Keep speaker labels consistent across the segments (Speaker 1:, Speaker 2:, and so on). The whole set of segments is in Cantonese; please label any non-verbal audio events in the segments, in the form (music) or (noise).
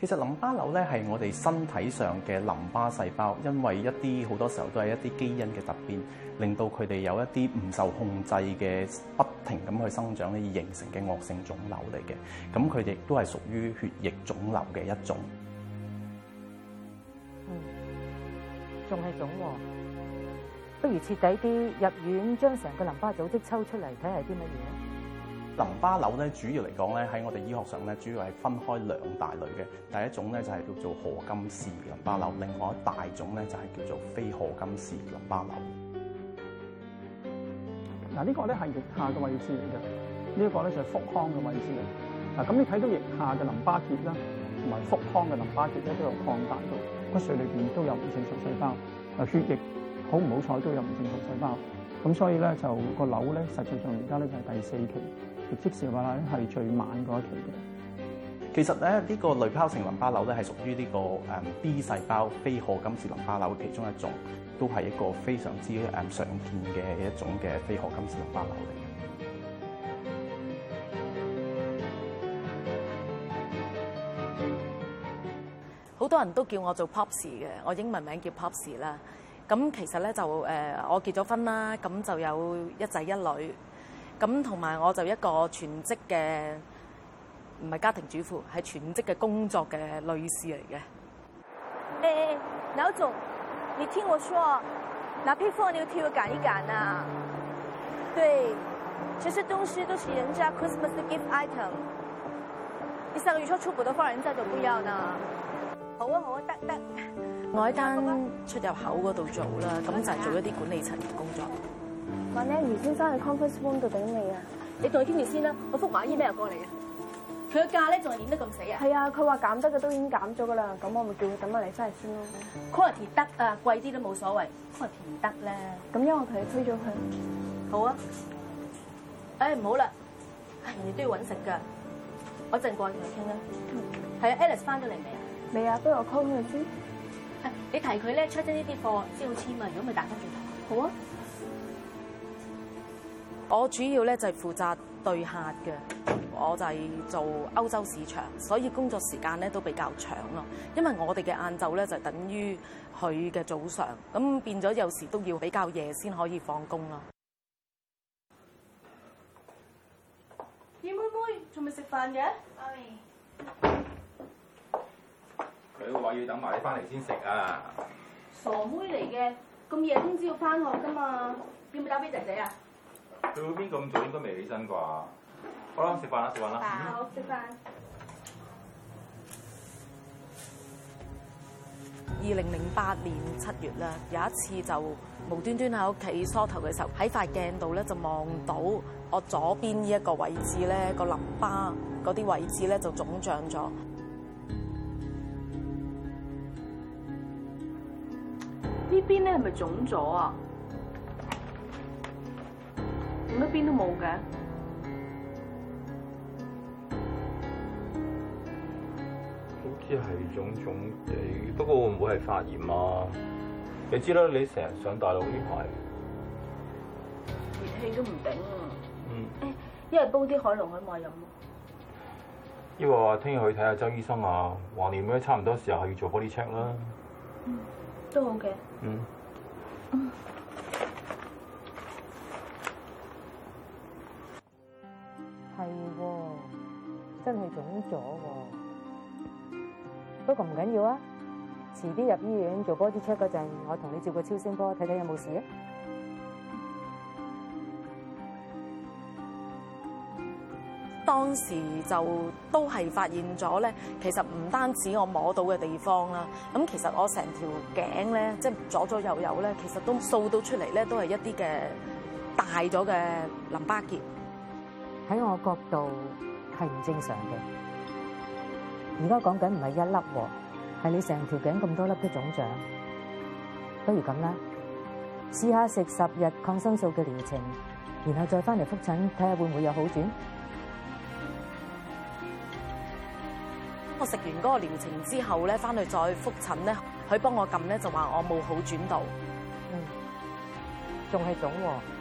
Speaker 1: 其實淋巴瘤咧係我哋身體上嘅淋巴細胞，因為一啲好多時候都係一啲基因嘅突變，令到佢哋有一啲唔受控制嘅，不停咁去生長咧，以形成嘅惡性腫瘤嚟嘅。咁佢哋都係屬於血液腫瘤嘅一種。
Speaker 2: 嗯，仲係腫，
Speaker 3: 不如徹底啲入院將成個淋巴組織抽出嚟睇下啲乜嘢。看看
Speaker 1: 淋巴瘤咧，主要嚟講咧，喺我哋醫學上咧，主要係分開兩大類嘅。第一種咧就係叫做何金氏淋巴瘤，另外一大種咧就係叫做非何金氏淋巴瘤。
Speaker 2: 嗱，呢個咧係腋下嘅位置嚟嘅，呢、這、一個咧就係腹腔嘅位置嚟。嗱，咁你睇到腋下嘅淋巴結啦，同埋腹腔嘅淋巴結咧都有擴大到骨髓裏邊都有唔正常細胞，啊血液好唔好彩都有唔正常細胞，咁所以咧就、這個瘤咧實際上而家咧就係第四期。接嘅話咧係最晚嗰一期嘅。
Speaker 1: 其實咧，呢、這個濾泡性淋巴瘤咧係屬於呢個誒 B 細胞非何金氏淋巴瘤其中一種，都係一個非常之誒常見嘅一種嘅非何金氏淋巴瘤嚟嘅。
Speaker 4: 好多人都叫我做 Popsy 嘅，我英文名叫 Popsy 啦。咁其實咧就誒，我結咗婚啦，咁就有一仔一女。咁同埋我就一個全職嘅，唔係家庭主婦，係全職嘅工作嘅女士嚟嘅。
Speaker 3: 哎、欸欸，老總，你聽我說，那批貨你要替我趕一趕啊！對，其實東西都是人家 Christmas gift item。你上個月初出不到話，人家就不要呢。好啊好啊，得得、
Speaker 4: 啊。我喺單出入口嗰度做啦，咁就係做一啲管理層嘅工作。
Speaker 3: 問咧余先生喺 conference room 度等你，你，你啊！
Speaker 4: 你同
Speaker 3: 佢傾住先啦，我福馬姨咩又過嚟啊！佢個價咧仲係演得咁死啊！係啊，佢話減得嘅都已經減咗噶啦，咁我咪叫佢等下你翻嚟先咯。Quality 得啊，貴啲都冇所謂，quality 得咧，咁因為佢推咗佢。好啊，誒唔好啦，人哋都要搵食噶，我陣過去同佢傾啦。係、嗯、啊 Alice 返翻咗嚟
Speaker 4: 未啊？未啊，不如我 call 佢先。
Speaker 3: 你提佢咧出咗呢啲貨先好簽啊，如果唔係打
Speaker 4: 翻轉頭。好啊。我主要咧就係負責對客嘅，我就係做歐洲市場，所以工作時間咧都比較長咯。因為我哋嘅晏晝咧就等於佢嘅早上，咁變咗有時都要比較夜先可以放工咯。二妹妹仲
Speaker 3: 未食飯
Speaker 2: 嘅，媽咪佢話要等埋你翻嚟先食啊。
Speaker 3: 傻妹嚟嘅咁夜，通知要翻學噶嘛？要唔要打俾仔仔啊？
Speaker 2: 佢嗰邊咁早應該未起身啩，好啦，食飯啦，食飯啦。好，
Speaker 4: 食飯。二零零八年七月咧，有一次就無端端喺屋企梳頭嘅時候，喺塊鏡度咧就望到我左邊呢一個位置咧，個淋巴嗰啲位置咧就腫脹咗。呢邊咧係咪腫咗啊？乜邊
Speaker 2: 都冇嘅，好似係腫腫地，不過會唔會係發炎啊？你知啦，你成日上大陸呢排，熱
Speaker 3: 氣都唔頂，嗯，一係煲啲海龍海馬飲咯。
Speaker 2: 因為話聽日去睇下周醫生啊，橫掂都差唔多時候係要做 body check 啦。嗯，
Speaker 3: 都好嘅。嗯。嗯
Speaker 1: 係喎，真係腫咗喎，
Speaker 3: 不過唔緊要啊，遲啲入醫院做 body check 嗰陣，我同你照個超聲波睇睇有
Speaker 4: 冇事。當時就都係發現咗咧，其實唔單止我摸到嘅地方啦，咁其實我成條頸咧，即係左左右右咧，其實都掃到出嚟咧，都係一啲嘅大咗嘅淋巴結。
Speaker 3: 喺我角度係唔正常嘅，而家講緊唔係一粒，係你成條頸咁多粒都腫脹。不如咁啦，試下食十日抗生素嘅療程，然後再翻嚟複診睇下會唔會有好轉。
Speaker 4: 我食完嗰個療程之後咧，翻去再複診咧，佢幫我撳咧就話我冇好轉到，嗯，仲係腫喎。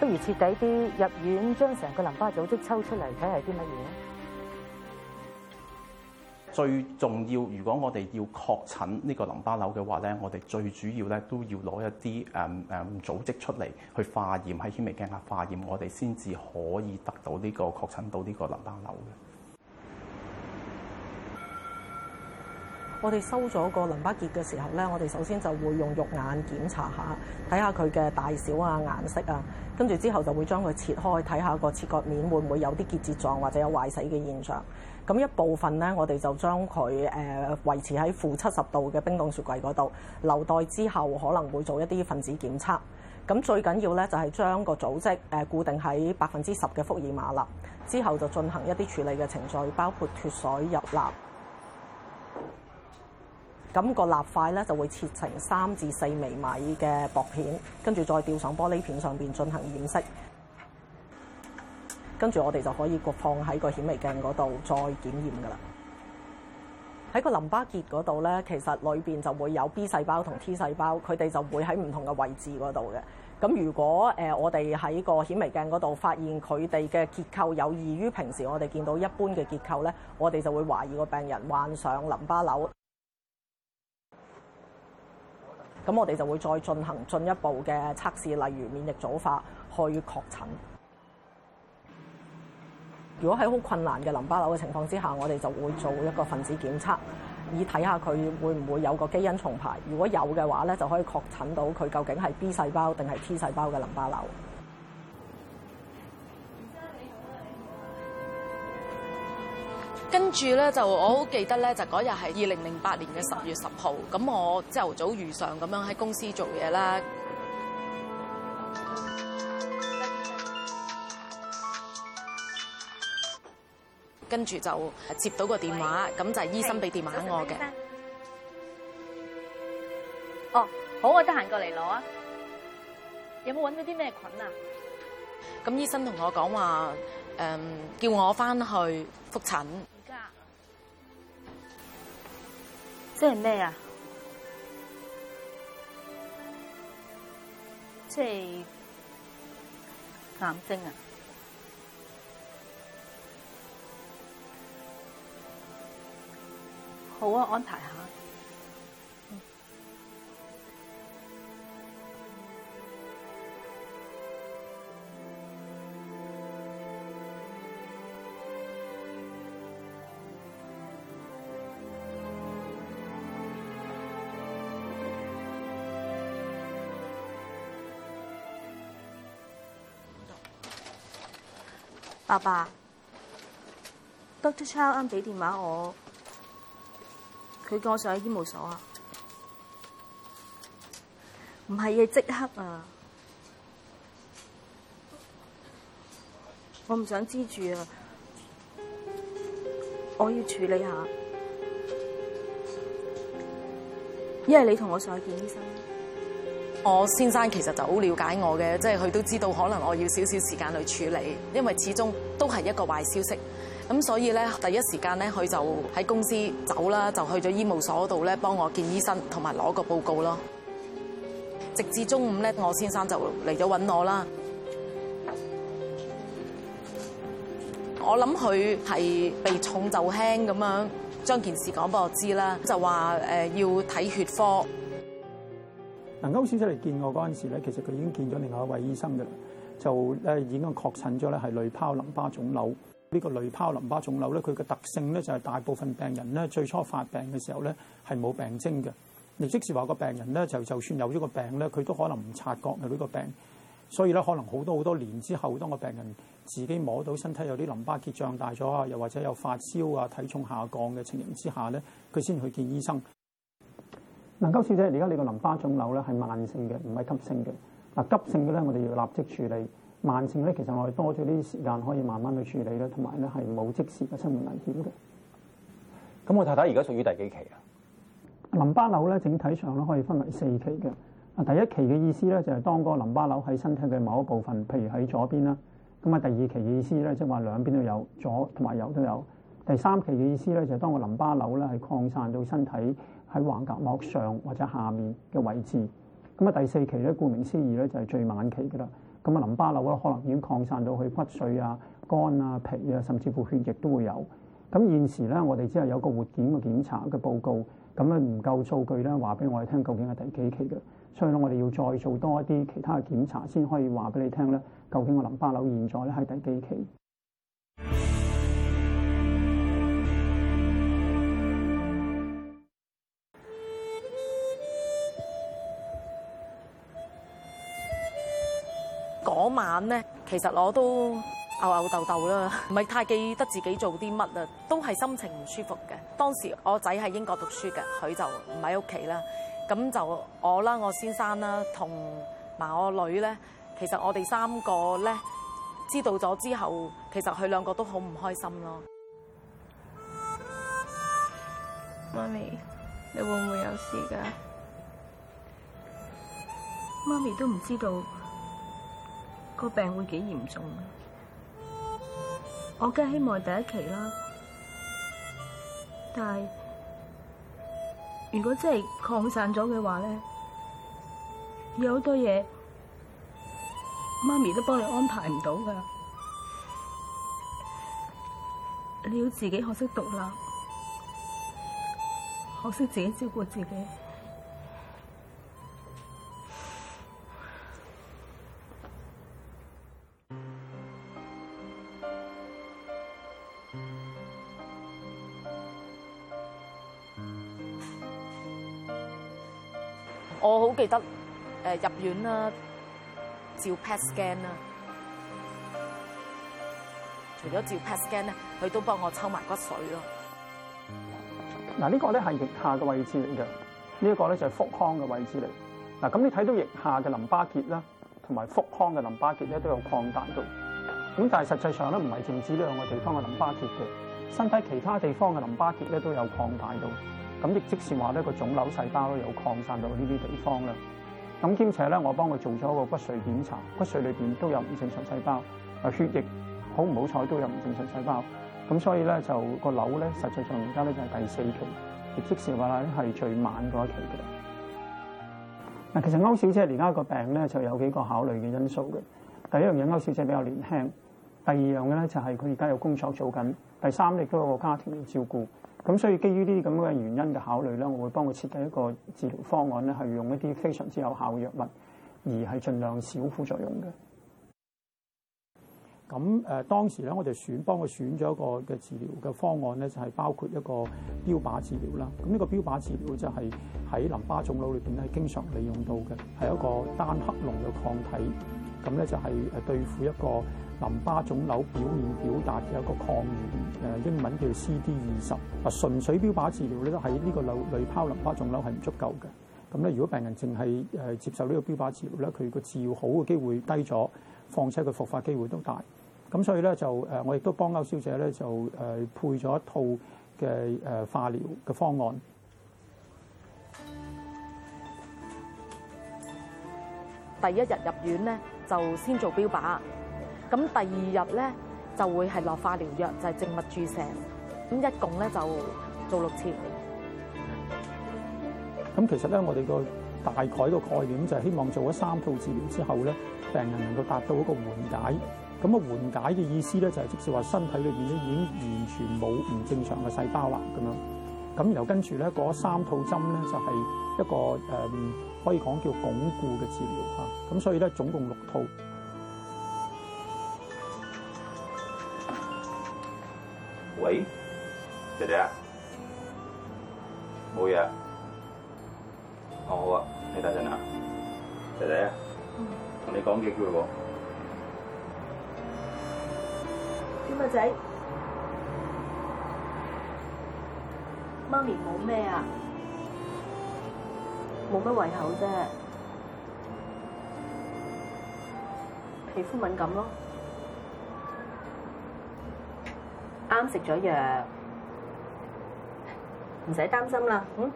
Speaker 3: 不如徹底啲入院，將成個淋巴組織抽出嚟睇係啲乜嘢。
Speaker 1: 最重要，如果我哋要確診呢個淋巴瘤嘅話咧，我哋最主要咧都要攞一啲誒誒組織出嚟去化驗，喺顯微鏡下化驗，我哋先至可以得到呢個確診到呢個淋巴瘤嘅。
Speaker 5: 我哋收咗個淋巴結嘅時候咧，我哋首先就會用肉眼檢查下，睇下佢嘅大小啊、顏色啊，跟住之後就會將佢切開，睇下個切割面會唔會有啲結節狀或者有壞死嘅現象。咁一部分咧，我哋就將佢誒維持喺負七十度嘅冰凍雪櫃嗰度留待之後可能會做一啲分子檢測。咁最緊要咧就係、是、將個組織誒固定喺百分之十嘅福爾馬林，之後就進行一啲處理嘅程序，包括脫水、入蠟。咁、那個蠟塊咧就會切成三至四微米嘅薄片，跟住再吊上玻璃片上邊進行染色，跟住我哋就可以放喺個顯微鏡嗰度再檢驗噶啦。喺個淋巴結嗰度咧，其實裏面就會有 B 細胞同 T 細胞，佢哋就會喺唔同嘅位置嗰度嘅。咁如果、呃、我哋喺個顯微鏡嗰度發現佢哋嘅結構有異於平時我哋見到一般嘅結構咧，我哋就會懷疑個病人患上淋巴瘤。咁我哋就會再進行進一步嘅測試，例如免疫組化去確診。如果喺好困難嘅淋巴瘤嘅情況之下，我哋就會做一個分子檢測，以睇下佢會唔會有個基因重排。如果有嘅話咧，就可以確診到佢究竟係 B 細胞定係 T 細胞嘅淋巴瘤。
Speaker 4: 跟住咧就我好記得咧，就嗰日係二零零八年嘅十月十號。咁我朝頭早如常咁樣喺公司做嘢啦。跟住就接到個電話，咁就係醫生俾電話我嘅。哦，好，我得閒過嚟攞啊。有冇揾到啲咩菌啊？咁醫生同我講話，誒、呃，叫我返去覆診。即係咩啊？即係癌
Speaker 3: 症啊？好啊，安排爸爸，Doctor Chow 啱俾電話我，佢叫我上去醫務所啊，唔係嘢即刻啊，我唔想支住啊，我要處理一下，一係你同我上去見醫生。
Speaker 4: 我先生其實就好了解我嘅，即係佢都知道可能我要少少時間去處理，因為始終都係一個壞消息。咁所以咧，第一時間咧，佢就喺公司走啦，就去咗醫務所度咧，幫我見醫生同埋攞個報告咯。直至中午咧，我先生就嚟咗揾我啦。我諗佢係避重就輕咁樣將件事講俾我知啦，就話誒，要睇血科。
Speaker 2: 嗱，區先生嚟見我嗰陣時咧，其實佢已經見咗另外一位醫生嘅，就誒已經確診咗咧係濾泡淋巴腫瘤。呢個濾泡淋巴腫瘤咧，佢嘅特性咧就係大部分病人咧最初發病嘅時候咧係冇病徵嘅。你即是話個病人咧就就算有咗個病咧，佢都可能唔察覺有呢個病，所以咧可能好多好多年之後，當個病人自己摸到身體有啲淋巴結脹大咗啊，又或者有發燒啊、體重下降嘅情形之下咧，佢先去見醫生。嗱，高小姐，而家你個淋巴腫瘤咧係慢性嘅，唔係急性嘅。嗱，急性嘅咧，我哋要立即處理；慢性咧，其實我哋多咗啲時間可以慢慢去處理啦，同埋咧係冇即時嘅生命危險嘅。咁我太太而家屬於第幾期啊？淋巴瘤咧整體上咧可以分為四期嘅。啊，第一期嘅意思咧就係當個淋巴瘤喺身體嘅某一部分，譬如喺左邊啦。咁啊，第二期嘅意思咧即係話兩邊都有，左同埋右都有。第三期嘅意思咧就係當個淋巴瘤咧係擴散到身體喺橫膈膜上或者下面嘅位置，咁啊，第四期咧，顧名思義咧就係最晚期嘅啦。咁啊，淋巴瘤咧可能已經擴散到去骨髓啊、肝啊、脾啊，甚至乎血液都會有。咁現時咧，我哋只係有個活檢嘅檢查嘅報告，咁啊，唔夠數據咧話俾我哋聽究竟係第幾期嘅，所以咧，我哋要再做多一啲其他嘅檢查先可以話俾你聽咧，究竟個淋巴瘤現在咧係第幾期？
Speaker 4: 嗰晚咧，其實我都吽吽豆豆啦，唔係太記得自己做啲乜呀，都係心情唔舒服嘅。當時我仔喺英國讀書嘅，佢就唔喺屋企啦。咁就我啦，我先生啦，同埋我女咧，其實我哋三個咧知道咗之後，其實佢兩個都好唔開心咯。媽咪，你會唔會有事
Speaker 3: 㗎？媽咪都唔知道。個病會幾嚴重啊！我梗係希望第一期啦，但係如果真係擴散咗嘅話咧，有好多嘢媽咪都幫你安排唔到㗎，你要自己學識獨立，學識自己照顧自己。
Speaker 4: 記得誒、呃、入院啦，照 PET scan 啦。除咗照 PET scan 咧，佢都幫我抽埋骨髓咯。
Speaker 2: 嗱，呢個咧係腋下嘅位置嚟嘅，呢、這、一個咧就係腹腔嘅位置嚟。嗱，咁你睇到腋下嘅淋巴結啦，同埋腹腔嘅淋巴結咧都有擴大到。咁但係實際上咧唔係淨止呢兩個地方嘅淋巴結嘅，身體其他地方嘅淋巴結咧都有擴大到。咁亦即是話呢個腫瘤細胞咧有擴散到呢啲地方啦。咁兼且咧，我幫佢做咗個骨髓檢查，骨髓裏面都有唔正常細胞，啊血液好唔好彩都有唔正常細胞。咁所以咧就個瘤咧，實際上而家咧就係第四期，亦即是話咧係最晚嗰一期嘅。嗱，其實歐小姐而家個病咧就有幾個考慮嘅因素嘅。第一樣嘢，歐小姐比較年輕。第二樣嘅咧就係佢而家有工作做緊，第三亦都有個家庭要照顧，咁所以基於呢啲咁樣嘅原因嘅考慮咧，我會幫佢設計一個治療方案咧，係用一啲非常之有效嘅藥物，而係盡量少副作用嘅。咁誒、呃、當時咧，我就選幫佢選咗一個嘅治療嘅方案咧，就係、是、包括一個標靶治療啦。咁呢個標靶治療就係喺淋巴腫瘤裏邊咧經常利用到嘅，係一個單克隆嘅抗體。咁咧就係誒對付一個。淋巴腫瘤表面表達有一個抗原，誒英文叫 CD 二十。啊，純粹標靶治療咧，都喺呢個濾泡淋巴腫瘤係唔足夠嘅。咁咧，如果病人淨係誒接受呢個標靶治療咧，佢個治療好嘅機會低咗，況且佢復發機會都大。咁所以咧，就誒我亦都幫區小姐咧，就誒配咗一套嘅誒化療嘅方案。
Speaker 4: 第一日入院咧，就先做標靶。咁第二日咧就會係落化療藥，就係、是、靜脈注射。咁一共咧就做六次。
Speaker 2: 咁其實咧，我哋個大概個概念就係希望做咗三套治療之後咧，病人能夠達到一個緩解。咁啊緩解嘅意思咧就係、是、即使話身體裏邊咧已經完全冇唔正常嘅細胞啦咁樣。咁然後跟住咧嗰三套針咧就係、是、一個誒、嗯、可以講叫鞏固嘅治療嚇。咁所以咧總共六套。喂，姐姐，我呀，好啊，你打算啊，姐姐，
Speaker 1: 同你講幾句喎，點個
Speaker 3: 仔，媽咪冇咩啊，冇乜胃口啫，皮膚敏感咯。啱食咗藥，唔使擔心啦。嗯，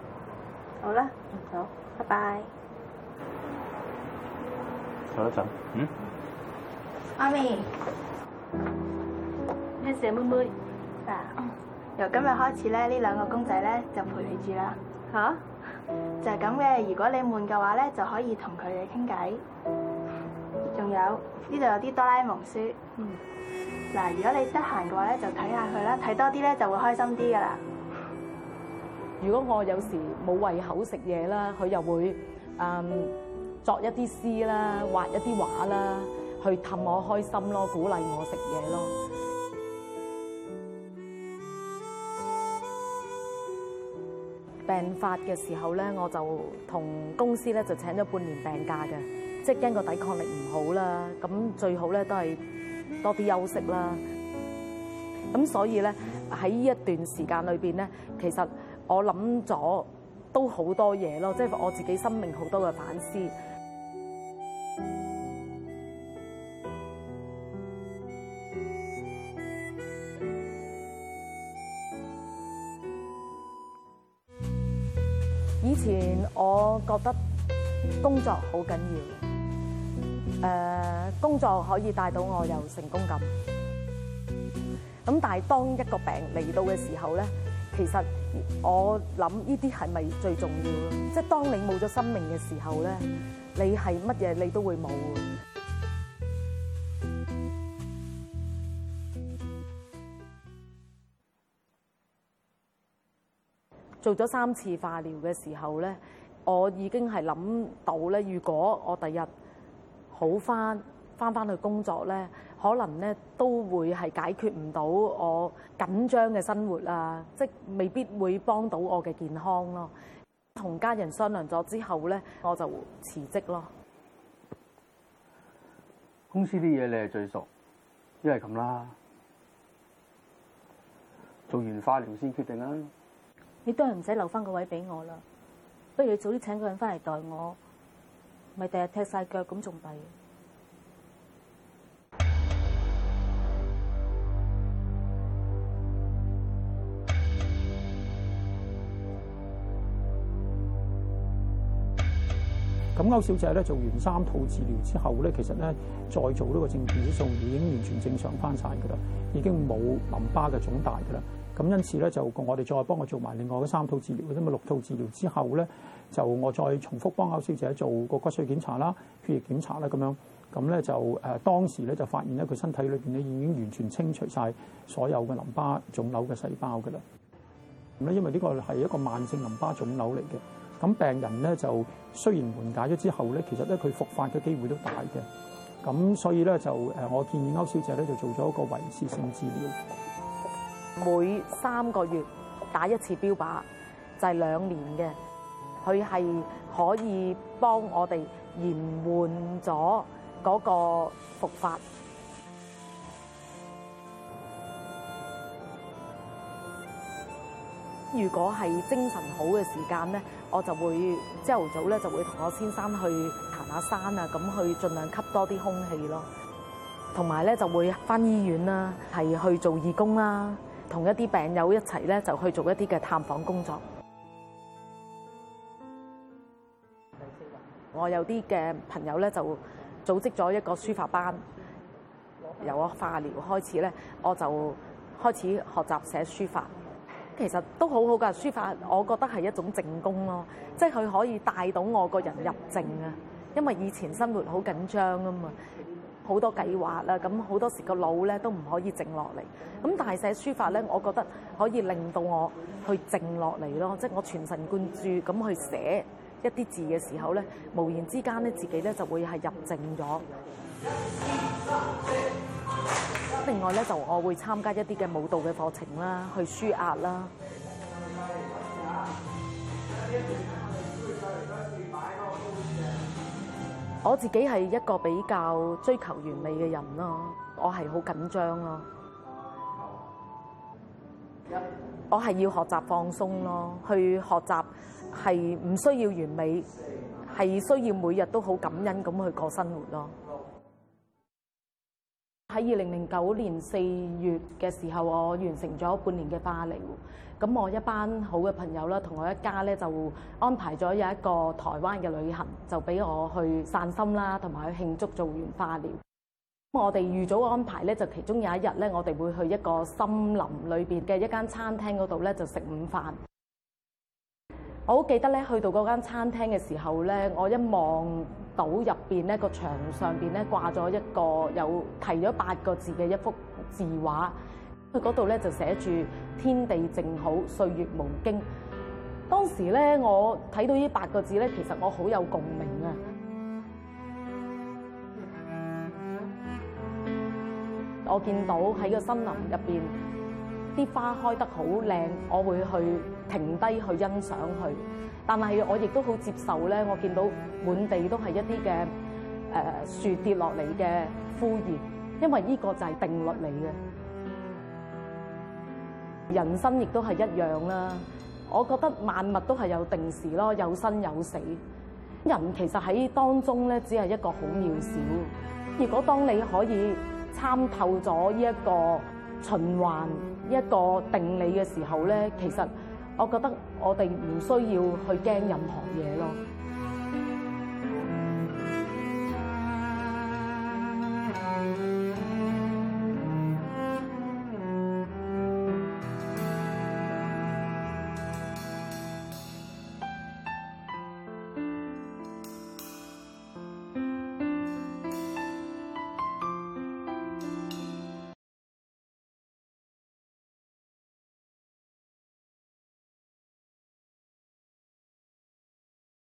Speaker 3: 好啦，好，拜拜。
Speaker 2: 走，啦，仔，
Speaker 3: 嗯，媽咪，謝謝妹妹。由今日開始咧，呢兩個公仔咧就陪你住啦。吓、啊？就係咁嘅。如果你悶嘅話咧，就可以同佢哋傾偈。仲有呢度有啲哆啦 A 夢書，嗯、嗱，如果你得閒嘅話咧，就睇下佢啦，睇多啲咧就會開心啲噶
Speaker 4: 啦。如果我有時冇胃口食嘢啦，佢又會嗯作一啲詩啦，畫一啲畫啦，去氹我開心咯，鼓勵我食嘢咯。病發嘅時候咧，我就同公司咧就請咗半年病假嘅。即係驚個抵抗力唔好啦，咁最好咧都係多啲休息啦。咁所以咧喺呢一段時間裏邊咧，其實我諗咗都好多嘢咯，即係我自己生命好多嘅反思。 (music) 以前我覺得工作好緊要。誒工作可以帶到我有成功感，咁但係當一個病嚟到嘅時候咧，其實我諗呢啲係咪最重要咯？即係當你冇咗生命嘅時候咧，你係乜嘢你都會冇。做咗三次化療嘅時候咧，我已經係諗到咧，如果我第日，好翻，翻翻去工作咧，可能咧都會係解決唔到我緊張嘅生活啊！即係未必會幫到我嘅健康咯、啊。同家人商量咗之後咧，我就辭職咯。
Speaker 1: 公司啲嘢你係最熟，因為咁啦。做完化療先決定啦、
Speaker 3: 啊。你都係唔使留翻個位俾我啦，不如你早啲請個人翻嚟代我。咪第日踢晒腳咁仲弊？
Speaker 2: 咁歐小姐咧做完三套治療之後咧，其實咧再做呢個正之數已經完全正常翻晒㗎啦，已經冇淋巴嘅腫大㗎啦。咁因此咧就我哋再幫我做埋另外嗰三套治療嘅啫嘛，六套治療之後咧就我再重複幫區小姐做個骨髓檢查啦、血液檢查啦咁樣，咁咧就誒、呃、當時咧就發現咧佢身體裏邊咧已經完全清除晒所有嘅淋巴腫瘤嘅細胞㗎啦。咁咧因為呢個係一個慢性淋巴腫瘤嚟嘅，咁病人咧就雖然緩解咗之後咧，其實咧佢復發嘅機會都大嘅，咁所以咧就誒我建議區小姐咧就做咗一個維持性治療。
Speaker 4: 每三個月打一次標靶，就係兩年嘅，佢係可以幫我哋延緩咗嗰個復發。 (music) 如果係精神好嘅時間咧，我就會朝頭早咧就會同我先生去行下山啊，咁去盡量吸多啲空氣咯。同埋咧就會返醫院啦，係去做義工啦。同一啲病友一齊咧，就去做一啲嘅探訪工作。我有啲嘅朋友咧，就組織咗一個書法班。由我化療開始咧，我就開始學習寫書法。其實都好好噶，書法我覺得係一種靜功咯，即係佢可以帶到我個人入靜啊。因為以前生活好緊張啊嘛。好多計劃啦，咁好多時個腦咧都唔可以靜落嚟，咁但係寫書法咧，我覺得可以令到我去靜落嚟咯，即係我全神貫注咁去寫一啲字嘅時候咧，無言之間咧，自己咧，就會係入靜咗。另外咧就我會參加一啲嘅舞蹈嘅課程啦，去舒壓啦。我自己係一個比較追求完美嘅人咯，我係好緊張咯，我係要學習放鬆咯，去學習係唔需要完美，係需要每日都好感恩咁去過生活咯。喺二零零九年四月嘅時候，我完成咗半年嘅化療。咁我一班好嘅朋友啦，同我一家咧就安排咗有一個台灣嘅旅行，就俾我去散心啦，同埋去慶祝做完化療。咁我哋預早安排咧，就其中有一日咧，我哋會去一個森林裏邊嘅一間餐廳嗰度咧，就食午飯。我好記得咧，去到嗰間餐廳嘅時候咧，我一望到入邊咧個牆上邊咧掛咗一個有提咗八個字嘅一幅字畫，佢嗰度咧就寫住天地正好，歲月無驚。當時咧我睇到呢八個字咧，其實我好有共鳴啊！我見到喺個森林入邊，啲花開得好靚，我會去停低去欣賞佢。但係我亦都好接受咧，我見到滿地都係一啲嘅誒樹跌落嚟嘅枯葉，因為呢個就係定律嚟嘅。人生亦都係一樣啦，我覺得萬物都係有定時咯，有生有死。人其實喺當中咧，只係一個好渺小。如果當你可以參透咗呢一個，循環一個定理嘅時候咧，其實我覺得我哋唔需要去驚任何嘢咯。